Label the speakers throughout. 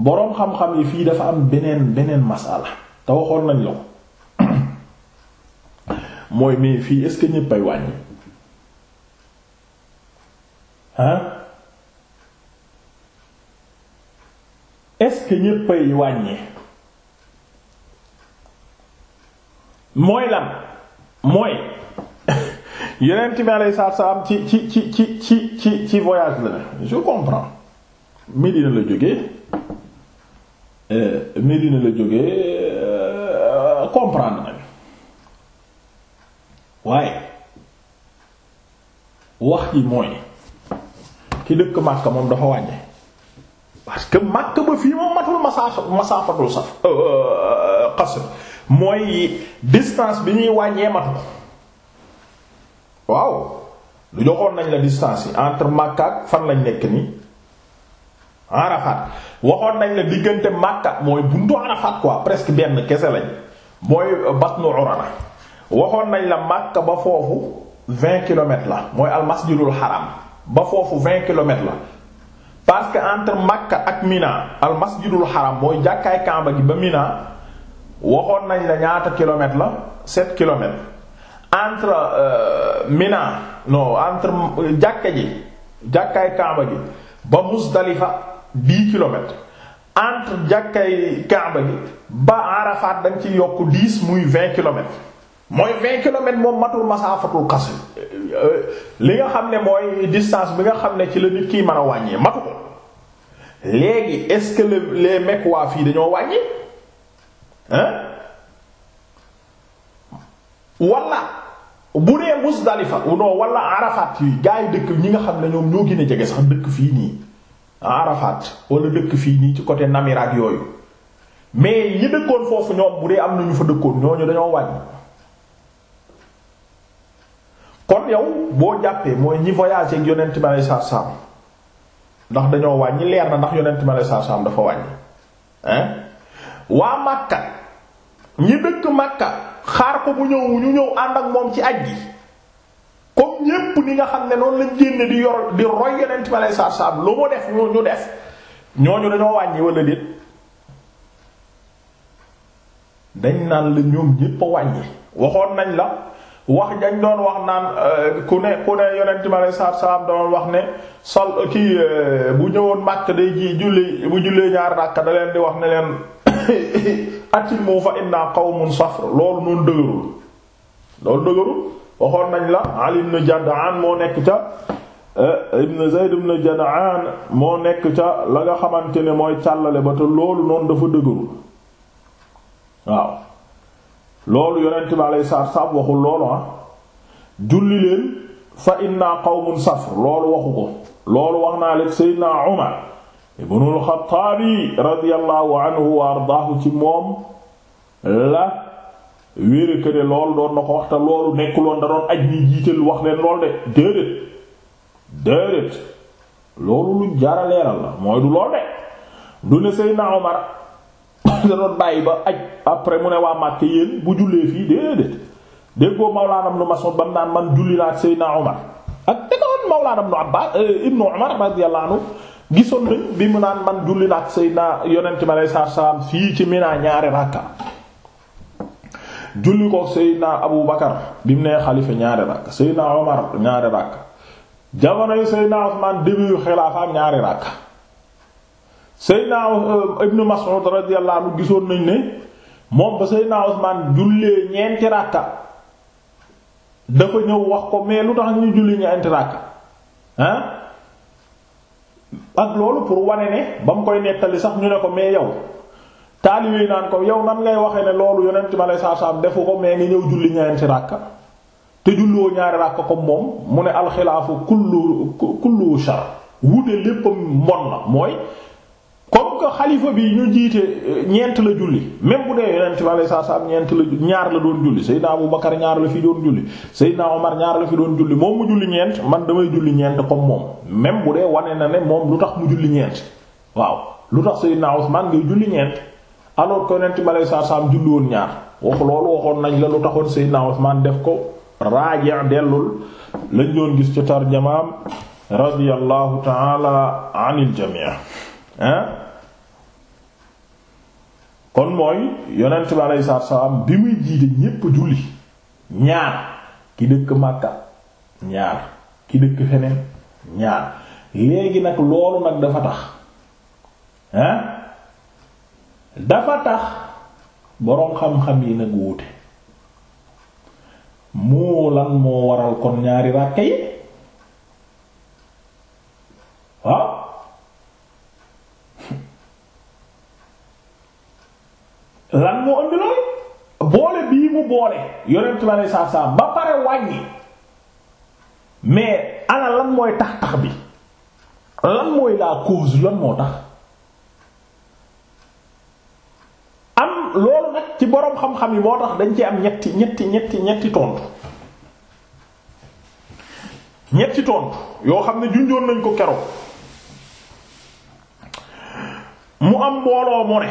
Speaker 1: boroom xam-xam yi fii dafa am beneen beneen masala te waxoon nañ la ko mooy mais fii est-ce que ñéppay wàññi ah est ñéppay wàññi mooy lan mooy yeneen mi aleyi saatu salaam ci ci ci ci ci ci ci voyage la ne je comprends Médina la jógee Euh, Médina la jógee euh, comprendre nañu waaye wax ji mooy ki dëkk Makka moom dafa wàññe parce que Makka ba fii moom matul masaa masaafatul saf xasr euh, mooy distance bi ñuy wàññee matu waaw lu joxoon nañ la distance yi entre Makka fan lañ nekk nii Arafat waxoon nañ la diggante Makka mooy buntu Arafat quoi presque benn kese lañ mooy Batnu Urana waxoon nañ la Makka ba foofu vingt kilomètres la mooy almasjidul haram ba foofu vingt kilomètres la parce que entre Makka ak Mina almasjidul haram mooy jàkkaay Kaaba gi ba Mina waxoon nañ la ñaata kilomètres la sept kilomètres entre euh, Mina non entre euh, jàkka ji jàkkaay Kaaba gi ba Muzdalifa dix kilomètres entre jàkkay Kaaba gi ba Arafat da ci yokk dix muy vingt kilomètres mooy vingt kilomètres moom matul masaafatul xas euh, li nga xam ne mooy distance bi nga xam ne ci la nit kiy mën a wàññee matu ko léegi est-ce que les mecs waa fii dañoo wàññi hein walla bu nee Muzdalifa non walla Arafat yi gaa yi dëkk ñi nga xam ne ñoom ñoo gën a jege sax dëkk fii nii Arafat wala dëkk fii nii ci côté Namiraak yooyu mais ñi dëkkoon foofu ñoom bu dee am na ñu fa dëkkoon ñooñu dañoo wàññi. kon yow boo jàppee mooy ñi voyagé ak yonent bi aleyhi salaatu salaam ndax dañoo wàññi leer na ndax yonent bi aleyhi salaatu salaam dafa wàññi hein waa Makka ñi dëkk Makka xaar ko bu ñëw ñu ñëw ànd ak moom ci aj comme ñépp ni nga xam ne noonu lañ génne di yor di roy yonent bi aleyhi salaatu salaam lu mu def ñu ñu def ñooñu dañoo wàññi wala déet dañ naan la ñoom ñépp a waxoon nañ la wax dañ doon wax naan euh, ku ne ku ne yonent bi aleyhi salaatu salaam doon wax ne sol kii euh, bu ñëwoon màkk day ji julli bu jullee ñaar ràkk da di wax ne leen atimu fa inna qawmun safr loolu noonu dëgërul loolu dëgërul waxoon nañ la Ali ibn Jad'an moo nekk ca eh, ibn Zayd ibn Jad'an moo nekk ca la nga xamante ne mooy càllale ba te loolu noonu dafa dëgërul waaw loolu yonent bi aleyhi salaatu waxul loolu ah julli leen fa inna qawmun safr loolu waxu ko loolu wax naa leen Seydina Umar ibnul Xattaabi radiyallahu anhu wa ardaahu ci moom la wéere que ne doon na ko wax loolu nekkuloon da doon aj ñi jiital wax leen lool de déedéet déedéet loolu lu jaara la mooy du lool de du ne Seydina Omar da doon bàyyi ba aj après mu ne waa Màkka yéen bu jullee fii déedéet déggoo mawlaanam nu maçon bam naan man julli naa ak Seydina Omar ak dëggoon mawlaanam nu Abbaas euh, ibnu Omar radiyallahu anhu gisoon nañ bi mu naan man julli naa ak Seydina yonent mi alayhi fii ci Mina ñaari ràkka julli ko Seydina Abu Bakar bi mu nee xalifa ñaari rakk Seydina Omar ñaari rakk jamono yi Seydina Usmaan début xilaafaam ñaari rakk Seydina euh, Ibnu Mas'ud radiyallahu anhu gisoon nañ ne moom ba Seydina Usmaan jullee ñeenti rakka dafa ñëw wax ko mais lu tax ñu julli ñeenti rakka ah ak loolu pour wane ne ba mu koy nettali sax ñu ne ko mais yow. taalibe yi naan ko yow nan ngay waxee ne loolu yonent ma lay saasaam defu ko mais nga ñëw julli ñeenti ràkka te julliwoo ñaari ràkka ko moom mu ne alxilaafu kullu kullu shar wute lépp mbon na mooy comme que xalifa bi ñu jiite euh, ñeent la julli même bu dee yonent ma lay saasaam ñeent la ñaar la doon julli Seydina Abu Bakar ñaar la fi doon julli Seydina Omar ñaar la fi doon julli moom mu julli ñeent man damay julli ñeent comme moom même bu dee wane na ne moom tax mu julli ñeent waaw alors que yonent bi aleyhi salaatu salaam julli woon ñaar waxu loolu waxoon nañ la lu taxoon a Usmaan def ko raaji dellul lañ doon gis ci tarjamaam radiyallahu taala anil jamii hein kon mooy yonent bi aleyhi salaatu salaam bi muy jiite ñépp julli ñaar ki dëkk Makka ñaar ki dëkk feneen ñaar léegi nag loolu nag dafa tax dafa tax boroom xam-xam yi nag wuute moo lan moo waral kon ñaari ràkke yi waaw lan moo indi lool boole bii mu boole yonent bi aleyhi salaatu salaam ba pare wàññi mais ana lan mooy tax tax bi lan mooy la cause lan moo tax am loolu nag ci boroom xam-xam yi moo tax dañ ci am ñetti ñetti ñetti ñetti tontu ñetti tontu yoo xam ne junjoon nañ ko keroog mu am mbooloo mu ne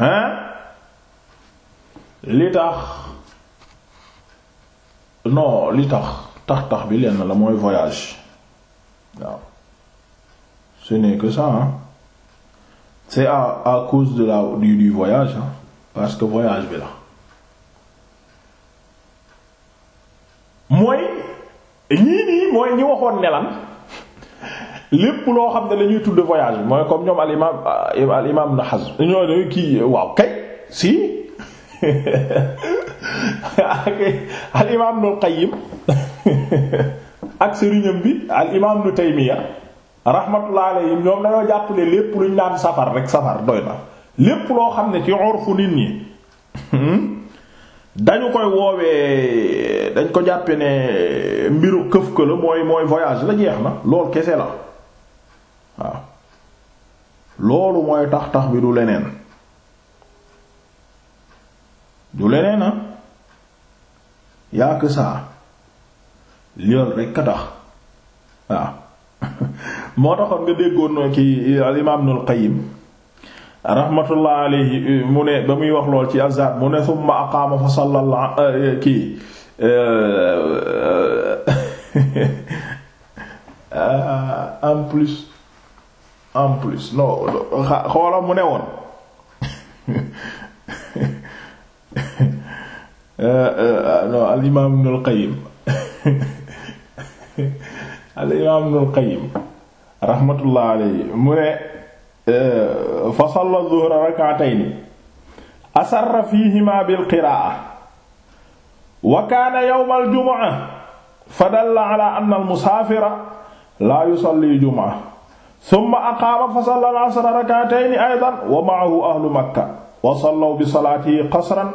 Speaker 1: hein li tax non li tax tax tax bi lenn la mooy voyage waaw ce n'est que ça c'est à à cause de la du du voyage parce que voyage bi la mooy ñii nii mooy ñi waxoon ne lan lépp loo xam ne lañuy ñuy tudd voyage bi mooy comme ñoom al imam euh, al imam na Hazm ñoo kii waaw kay si al imam nu Qayyim ak sëriñam bi al imam nu Taymiya rahmatullah alayhim ñoom dañoo jàppale lépp luñ naan safar rek safar doy na lépp loo xam ne ci urfu nit ñi hmm, dañu koy woowee dañ ko jàppe ne mbiru këf ka mooy mooy voyage la jeex na lool kese la waaw loolu mooy tax tax bi du leneen du leneen a ah. yaa que rekk a tax waaw moo taxoon nga déggoon ki al imaam Ibnul mu ne ba muy wax lool ci azad mu ne summa aqaama fa salla eh, kii eh, en plus en plus non xoolam mu ne woon eh, non al imaam Ibnul rahmatullah alayhi mu ne e, fa salla zuhra rak'atayn asarra fihima bil qira'a wa kaana yawm al jumu'a fa dalla ala anna al musaafira la yusalli jumu'a thumma aqaama fa salla al asra rak'atayn aydan wa ma'ahu ahlu makka wa sallaw bi salaatihi qasran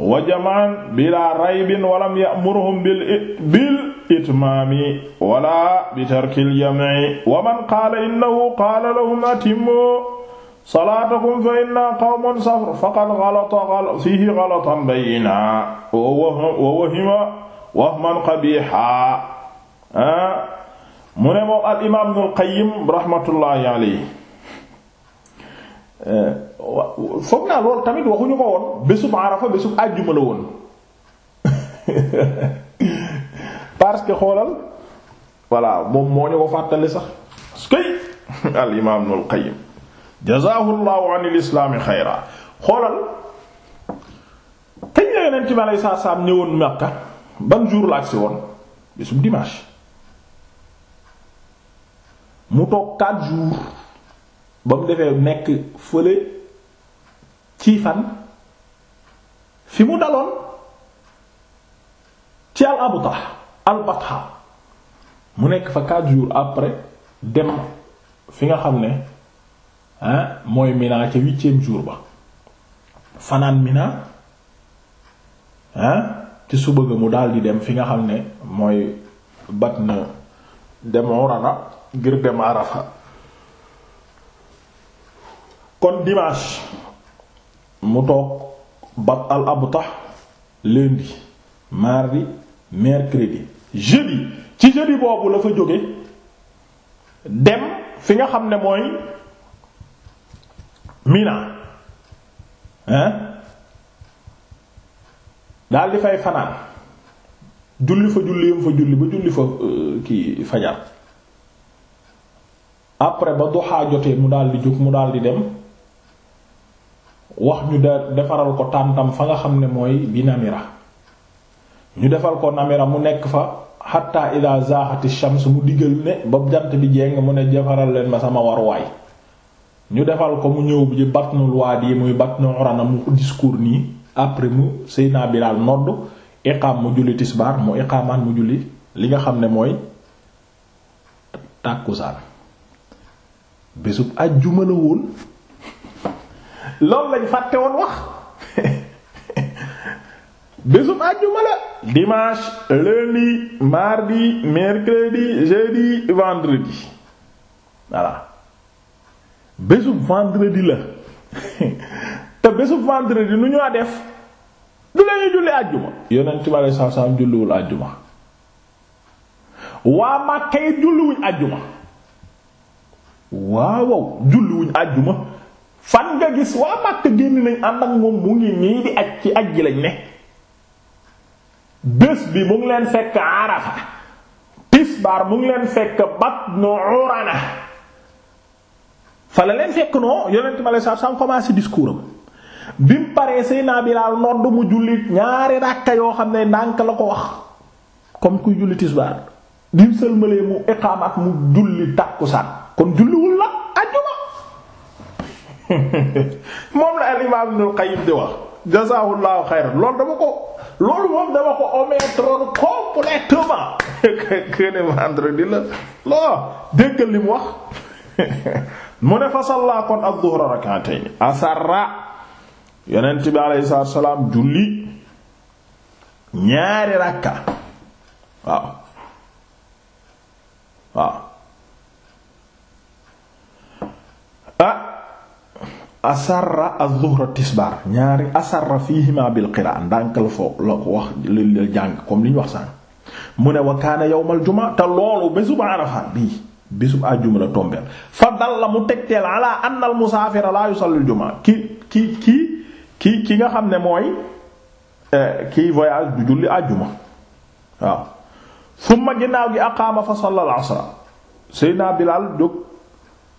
Speaker 1: wa jam'an bila raybin wa lam ya'murhum bil itmaami wala bi tarkil jam'i wa man qaala innahu qaala lahum atimmu salaatakum fa inna qawmun safar faqad ghalata fiihi ghalatan bayyina wa wahima wahman qabiha ah, mu ne moom al imaam Ibnul Qayyim rahmatullahi alayhi eh, foog naa loolu tamit waxuñu ko woon bésub Arafa bésub àjjuma la woon parce que xoolal voilà moom moo ñu ko fàttali sax skay al imaam Ibnul jazaahu llaahu anil islaami xayra xoolal kañ la yonent bi alayhi salaatu salaam ñëwoon Makka ban jour la agsi woon bésub dimanche mu toog 4 jours ba mu defee nekk fële ci fan fi mu daloon ci al Abtah al-Batha mu nekk fa quatre jours après dem fi nga xam ne ah mooy Mina ci huitième jour ba fanaan Mina ci suba ga mu daal di dem fi nga xam ne mooy bat na dem Urana ngir dem Arafa kon dimanche mu toog bat al abtah lundi mardi mercredi jeudi ci jeudi boobu la fa jóge dem fi nga xam ne mooy Mina hein daal di fay fanaan julli fa julli yam fa julli ba julli fa euh, kii fajar après ba doxaa jotee mu daal di jóg mu daal di dem wax ñu da defaral ko tàntam fa nga xam ne mooy Binamira ñu defal ko namira mu nekk fa hatta ila zaaxati shams mu digal ne ba jant bi jeng mu ne defaral leen ma sama waruwaay ñu defal ko mu ñëw bi batnul waadi muy batnu urana mu discours nii après mu Seydina Bilaal nodd iqaam mu julli tisbaar mu iqaamaan mu julli li nga xam ne mooy tàkkusaan bésub àjjuma la woon loolu lañ fàtte woon wax bésub àjjuma la dimanche lundi mardi mercredi jeudi vendredi voilà bésub vendredi la te bésub vendredi nu ñu def du lañuy julli àjjuma yonent bi aleyhi salaatu salaam julliwul àjjuma waa Makka yi julliwuñ àjjuma waawow julliwuñ àjjuma fan nga gis waa Makka génn nañ ànd ak moom mu ngi nii di aj ci aj ji lañ ne bés bi mu ngi leen fekk Arafa tisbaar mu ngi leen fekk Batnu Urana fa la leen fekk noo yonent ma lay sax sam commencé discours am bi mu paree Seyna Bilaal nodd mu julli ñaari ràkka yoo xam ne ndànk la ko wax comme kuy julli tisbaar bi mu sëlmalee mu iqaamat mu julli kon julliwul la ajjuma moom la al imaam Ibnul di wax jazaahullahu xayran loolu dama ko loolu moom dama ko ometron complètement que ne vendredi la loo déggal li mu wax mu ne fa salla kon az-zuhra rak'atayn asarra yonent bi alayhi salaam julli ñaari rakka waaw waaw ah. asarra az-zuhra tisbaar ñaari asarra fiihima bil qiraa ndànk foo la ko wax la jàng comme li ñu wax sànq mu ne wa kaana yawmal jumaa te loolu bésub Arafa bii bésub àjjuma la tombeel fa dal la mu tegteel ala anna al musaafira laa yusalli al jumaa ki ki ki ki nga xam ne mooy eh, kiy voyage du julli ginnaaw gi aqaama fa salla al asra Seydina Bilaal jóg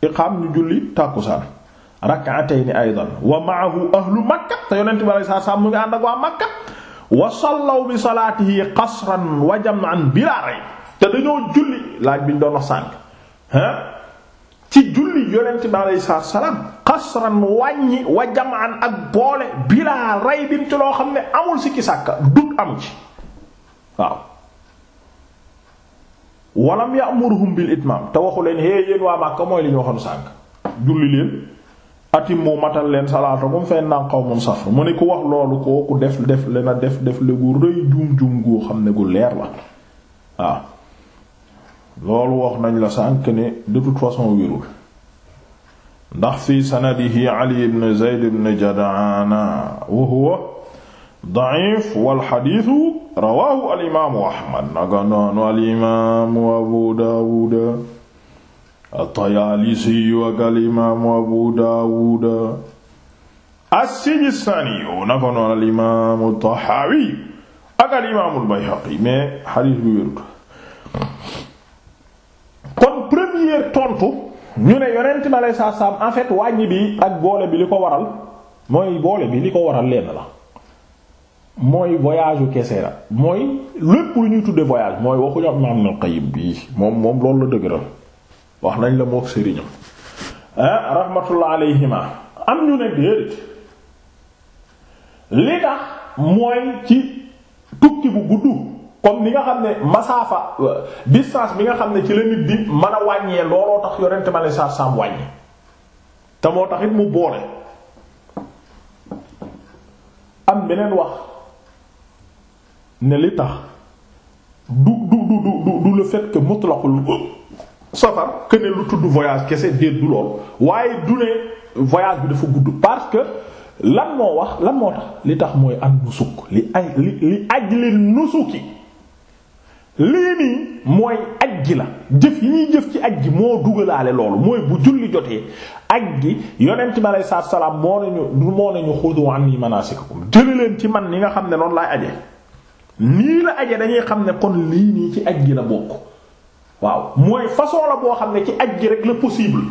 Speaker 1: iqaam ñu julli tàkkusaan rak'atayn aydan wa ma'ahu ahlu makka te yonent bi alayhi salaam mu ngi ànd ak waa makka wa sallaw bi salaatihi qasran wa jam'an bilaa rayb te dañoo julli laaj bi ñu doon wax sànk ah ci julli yonent bi alayhi salaam qasran wàññi wa jam'an ak boole bilaa raybin ci loo xam ne amul sikki sàkka dut am ci waaw walam ya'murhum bil itmaam te waxu leen hey yéen waa makka mooy li waxoon sànk julli leen. atim mu matal leen salaatakum fa innahum qawmun safr mu ne ku wax loolu kooku def def le def def le gu rëy juum juum goo xam ne gu leer la waaw loolu wax nañ la sànk ne de toute ndax fi sanadihi ali ibn zayd ibn jad'ana wa huwa da'if wal hadith rawahu al imaamu ahmad naga noonu al imaamu abu daawuda at-Tayaalisi wa kal imaamu Abu Daawuud as-Sijistaani na ko noon al imaamu ak al imaamu al-Bayhaqi mais bi wérut kon première tontu ñu ne yonent ma lay saa saam en wàññi bi ak boole bi li ko waral mooy boole bi li ko waral lenn la mooy voyage u kese la mooy lépp lu ñuy tudde voyage mooy waxuñu am na am na Qayyim bii moom moom loolu la dëgëral wax nañ la mook sëriñam ah, rahmatullah alayhima am ñu ne déedéet li tax mooy ci tukki bu gudd comme ni nga xam ne masaafa distance bi nga xam ne ci la nit di mën a wàññee looloo tax yorente ma le sa wàññi te moo tax mu boole am beneen wax ne li tax du du du du du le fait que mutlaqul safar que ne lu tudd voyage kese déet du lool waaye du ne voyage bi dafa gudd parce que lan moo wax lan moo tax li tax mooy am nusuk li aj li aj li nusuki lii nii mooy aj gi la jëf yi ñuy jëf ci aj gi moo dugalaale loolu mooy bu julli jotee aj gi yonent bi aleyhi salaatu salaam moo nañu du moo nañu yi anni ko jëli leen ci man ni nga xam ne noonu laay aje nii la aje dañuy xam ne kon lii nii ci aj gi la bokk waaw mooy façon la boo xam ne ci aj gi rek la possible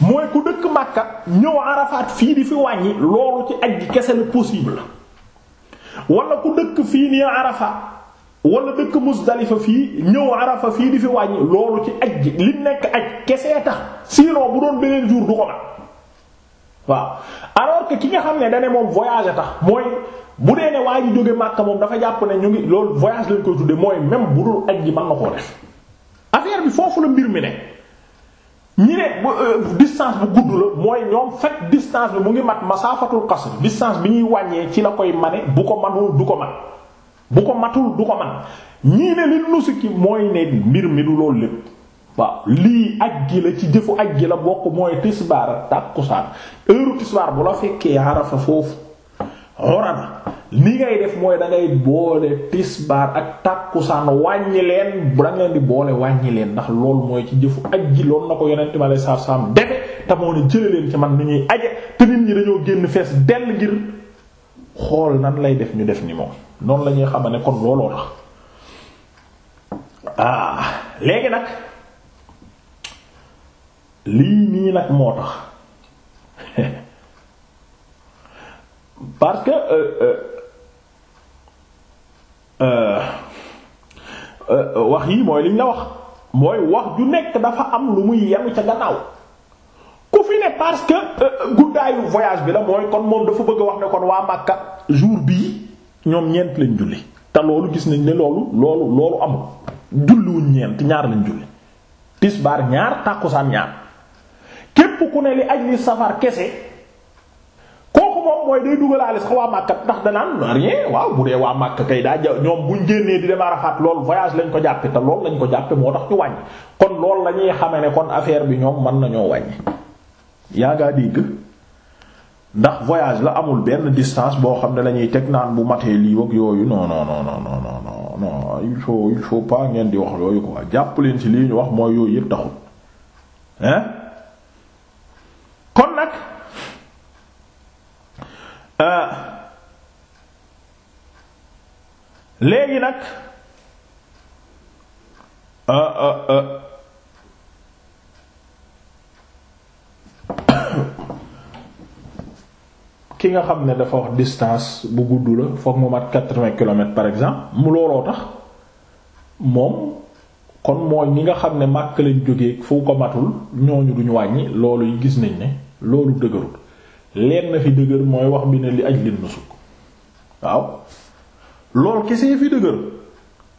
Speaker 1: mooy ku dëkk Makka ñëw Arafat fii di fi wàññi loolu ci aj gi kese la possible wala ku dëkk fii nii Arafat wala dëkk Muzdalifa fii ñëw arafa fii di fi wàññi loolu ci aj gi li nekk aj kese tax sinon bu doon beneen jur du ko man waaw alors que ki nga xam ne dane moom voyage tax mooy bu dee ne waa ji jóge Makka moom dafa jàpp ne ñu ngi loolu voyage lañ koy tudde mooy même bu doon aj gi mën na yi foofu la mbir mi ne ñi ne euh, distance bu gudd la mooy ñoom fekk distance bi mu ngi mat masaafatul qasr distance bi ñuy wàññee ci la koy mane bu ko manul du ko man bu ko matul du ko man ñii ne li nusuki mooy ne mbir mi du loolu lépp waaw lii aj la ci jëfu aj gi la bokk mooy tisbaar tàkkusaan heure tisbaar bu la fekkee Arafa foofu Urana li ngay def mooy da ngay boole tisbaar ak tàkkusaan wàññi leen da ngeen di boole wàññi leen ndax lool mooy ci jëfu ak ji loolu na ko yonente ma ci man ni ñuy aje te nit ñi dañoo génn fees dell ngir xool nan lay def ñu def ni moom noonu la ñuy xam ne kon looloo tax ah léegi nag lii nii nag moo tax parce que euh, euh, Euh, euh, wax yii mooy liñ la wax mooy wax ju nekk dafa am lu muy yem ca gannaaw ku fi ne parce que euh, guddaayu voyage bi la mooy kon moom dafa bëgg a wax ne kon waa Makka jour bii ñoom ñeent lañ julli te loolu gis nañ ne loolu loolu loolu amul julliwuñ ñeent ñaar lañ julli tisbaar ñaar tàkkusaan ñaar képp ku ne li ajli safar kese moom mooy day dugalaale sax waa Makka ndax danaan rien waaw bu dee waa Makka kay daa ja ñoom buñ génnee di dem Arafat lool voyage lañ ko jàppe te lool lañ ko jàppe moo tax ñu wàññi kon lool la ñuy xame ne kon affaire bi ñoom man nañoo wàññi yaa ngaa dégg ndax voyage la amul benn distance boo xam ne la teg naan bu matee lii wag yooyu non non il faut il faut pas ngeen di wax yooyu quoi jàpp leen ci lii ñu wax mooy yooyu yëpp taxul hein léegi nag euh, euh, euh, ki nga xam ne dafa wax distance bu gudd la foog mu mat quatre-vingts par exemple mu looloo tax moom kon mooy ñi nga xam ne màkk lañ jógee fu ko matul ñooñu duñu wàññi loolu yi gis nañ ne loolu dëgërul leen na fi dëgër mooy wax bi ne li aj lin na sukk waaw loolu kese fi dëgër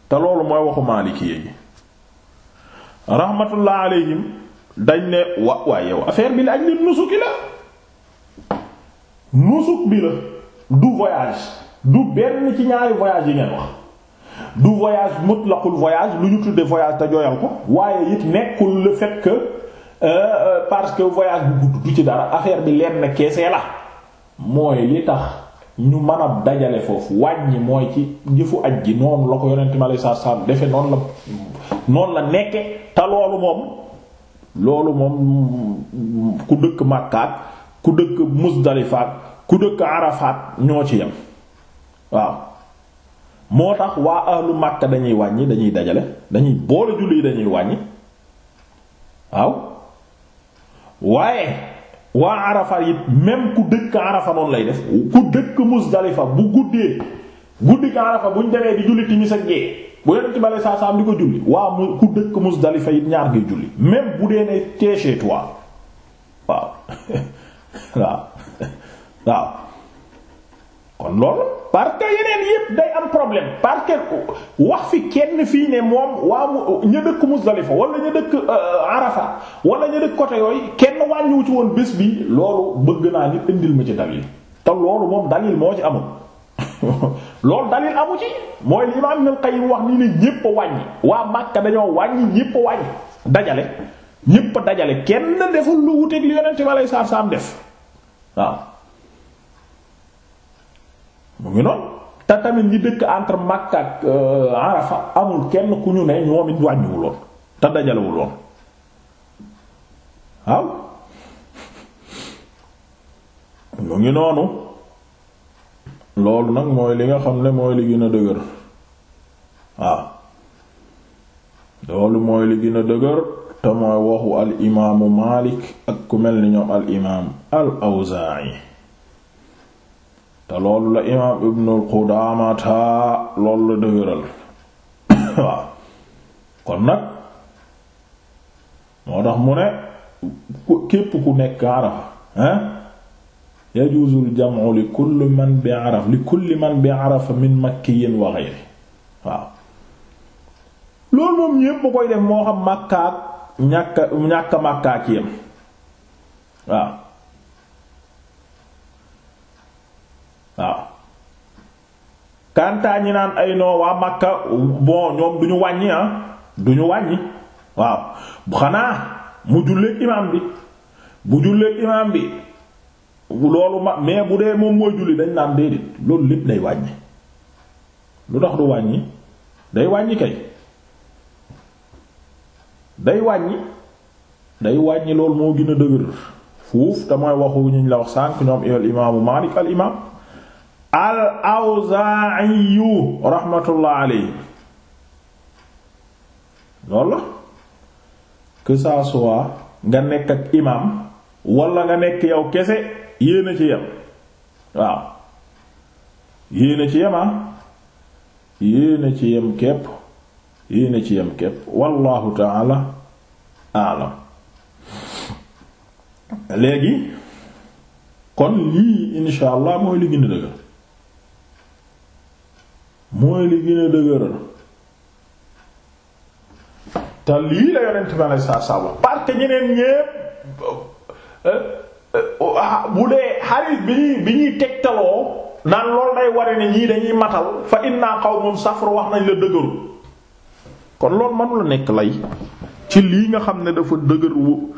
Speaker 1: te loolu mooy waxu maalikee yi rahmatullah alayhim dañ ne wa waaye yow affaire bi la aj nit nusuki la nusuk bi la du voyage du benn ci ñaari voyage yi ngeen wax du voyage mutlaqul voyage lu ñu tudde voyage te jooyal ko waaye it nekkul le fait que euh, euh, parce que voyage bu gudd du ci dara affaire bi leen lenn keesee la mooy li tax ñu mën a dajale foofu wàññi mooy ci jëfu aj ji noonu la ko yonent mi aleyhi salaatu defe noonu la noonu la nekke te loolu moom loolu moom ku dëkk Makkaat ku dëkk Muzdalifaat ku dëkk Arafaat ñoo ci yem waaw moo tax waa ahlu Makka dañuy wàññi dañuy dajale dañuy boole julli dañuy wàññi waaw waaye waa arafa it même ku dëkk arafa noonu lay def ku dëkk Muzdalifa bu guddee guddi ko arafa buñ demee di julli timis ak gee bu leen ci bale saa saam di ko julli waa mu ku dëkk Muzdalifa it ñaar gi julli même bu dee ne téechee toi waaw waaw waaw kon loolu parce que yeneen yépp day am problème parce que wax fi kenn fii ne moom waa ña dëkk Muzdalifa wala ña dëkk euh, Arafa wala ña dëkk côté yooyu kenn wàññiwu ci woon bés bi loolu bëgg naa nit indil ma ci dalil te loolu moom dalil moo ci amul loolu dalil amu ci mooy li Imaam Ibn wax nii ne ñépp wàññi waa Makka dañoo wàññi ñépp a wàññi dajale ñépp a dajale kenn deful lu wuteeg li Yonent bi alayhi salaam def waaw. mu ngi noonu te tamit ñi dëkk entre Makka ak euh, amul kenn ku ñu ne ñoom it wàññiwuloon te dajalewuloon waaw mu ngi noonu loolu nag mooy li nga xam ne mooy li gën a dëgër waaw loolu mooy li gën a dëgër te mooy waxu al Maalik ak ku mel ni ñoom al imaam te loolu la imaam ibnul Qudaamata loolu la dëgëral waaw kon nag moo tax mu ne képp ku nekk Arafa ah yajuuzul jam'u li kulli man bi Arafa li kulli man bi Arafa min makkiyin wa ghayri waaw loolu moom ñépp koy def moo xam Makka ak ñàkk ñàkk yem waaw waaw kantaa ñi naan ay noo waa Makka bon ñoom du ñu wàññi ah du ñu wàññi waaw xanaa mu julleek imaam bi bu julleek imaam bi loolu ma mais bu dee moom mooy julli dañ naan déedéet loolu lépp day wàññi lu tax du wàññi day wàññi kay day wàññi day wàññi loolu moo gën a dëgër fuuf te mooy waxu la wax sànk ñoom al imaamu Maalik al imaam al awzaayu rahmatullah alayhi loolu la que ça nga nekk ak imam wala nga nekk yow kese yéen ci yem waaw yéen a ci yem ah yéen ci yem képp yéen a ci yem képp wallahu taala alam léegi kon lii insha mooy li gën dëgër mooy li gën a dëgëral te lii la yonent bi aleyhi salaatu salaam parce que ñeneen ñépp euh, euh, oh, ah, bu dee xarit bi ñuy bi ñuy tegtaloo naan lool day ware ne ñii dañuy matal fa inna qawmun safar wax nañ la dëgëru kon loolu mënu nekk lay ci lii nga xam ne dafa dëgër wu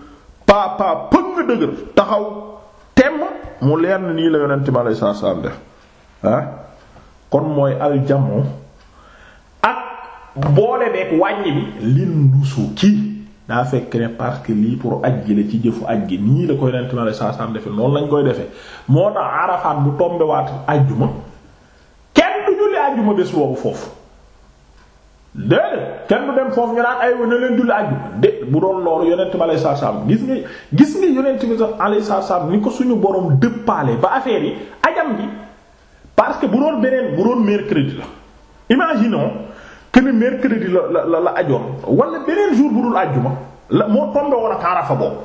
Speaker 1: paa paa pëng dëgër taxaw temm mu leer na nii la yonent bi aleyhi salaatu salaam def ah. kon mooy aljamu ak boole beeg wàññi bi lin nusu kii daa fekk ne parce lii pour aj gi la ci jëfu aj gi nii la koy nent na saa saam defe noonu lañ koy defee moo tax arafaat bu tombe waat ajjuma kenn du julli ajjuma bés boobu foofu déedéet kenn du dem foofu ñu naan ay na leen julli àjjuma de bu doon loolu yonent bi alayhi salaam gis nga gis nga yonent bi alayhi salaam ni ko suñu boroom dëppaale ba affaire yi parce que bu doon beneen bu doon mercredi la imaginons que ne mercredi la la la la ajoon wala beneen jour bu dul àjjuma la moo tombé woon ak arafa boobu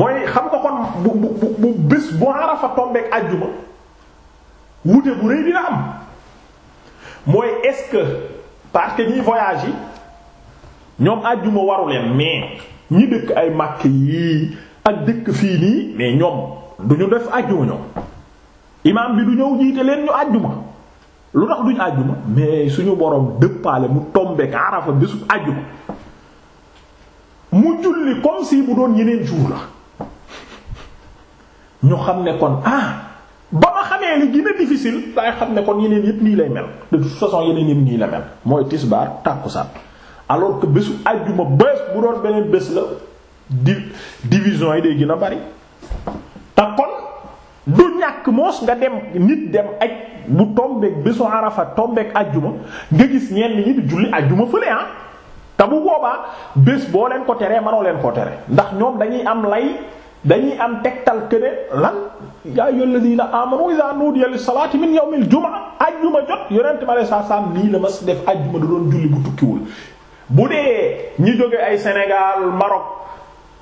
Speaker 1: mooy xam nga kon bu bu bu bés bu arafa tombé ak àjjuma wute bu rëy dina am mooy est-ce que parce que ñiy voyage yi ñoom àjjuma waru leen mais ñi dëkk ay Makka yii ak dëkk fii nii mais ñoom du ñu def àjjuma ñoom. imaam bi du ñëw jiite leen ñu àjjuma lu tax duñ àjjuma mais suñu borom dëppaale mu tombeek arafa bésu àjjuma mu julli comme si bu doon yeneen jour la ñu xam ne kon ah ba ma xamee li gën a difficile xam ne kon yeneen yëpp nii lay mel de façon yeneen yëpp nii la mel mooy tisbaar tàkkusaan alors que bésu àjjuma bés bu doon beneen bés la di division yi day gën a bari te du ñàkk moos nga dem nit dem ak bu tombeek bésu arafa tombeek ajjuma nga gis ñenn ñi di julli ajjuma fële ah te bu boobaa bés boo leen ko teree manoo leen ko tere ndax ñoom dañuy am lay dañuy am tegtal këne lan yaa ayyuhal ladina amanu idha nudiya lis salati min yawmil jumu'a ajjuma jot yonent ma lay saa saam nii la ma def ajjuma da doon julli bu tukkiwul bu dee ñi jóge ay Sénégal Maroc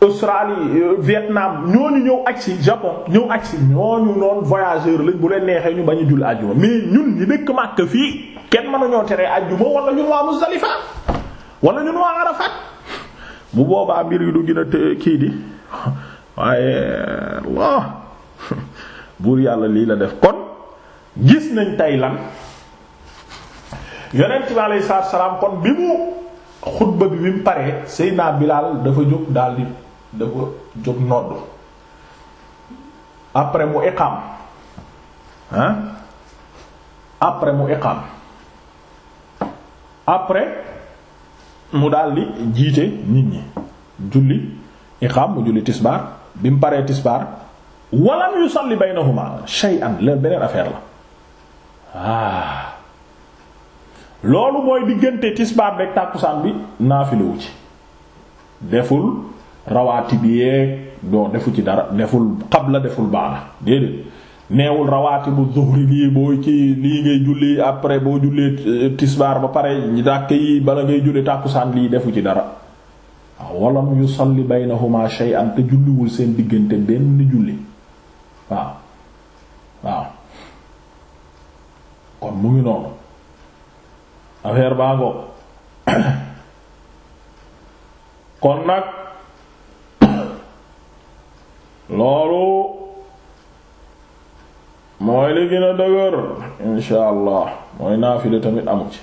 Speaker 1: Australie euh, Vietnam ñooñu ñëw aj si Japon ñëw aj si ñooñu noon voyageur lañ bu leen neexee ñu bañ a jul àjjuma mais ñun ñi dëkk Makka fii kenn mën mënuñoo teree àjjuma wala ñun waa Muzdalifa wala ñun waa Arafat bu boobaa mbir yi du gën a kii di waaye buur yàlla lii la def kon gis nañ tey lan yonent bi alayhi salaam kon bi mu xutba bi bi mu paree Seydina Bilaal dafa jóg daal di dafa jóg nodd après mu iqam hein après mu iqam après mu daldi jiite nit ñi julli iqam mu julli tisbaar bi mu paree tisbaar walam yusalli baynahuma shay'an la beneen affaire la ah. loolu mooy diggante tisbaar beek tàkkusaan bi naafilewu ci deful rawaati bi yeeg doo defu ci dara deful la deful baada déedéet neewul rawaati bu zuhri lii boo ci lii ngay julli après boo jullee euh, tisbaar ba pare ñi yi bala ngay julli tàkkusaan lii defu ci dara waaw walam yusalli baynahuma shay'an te julliwul seen diggante benn julli waaw waaw kon nag loolu mooy li gën a dëgër insha allah mooy naafile tamit amu ci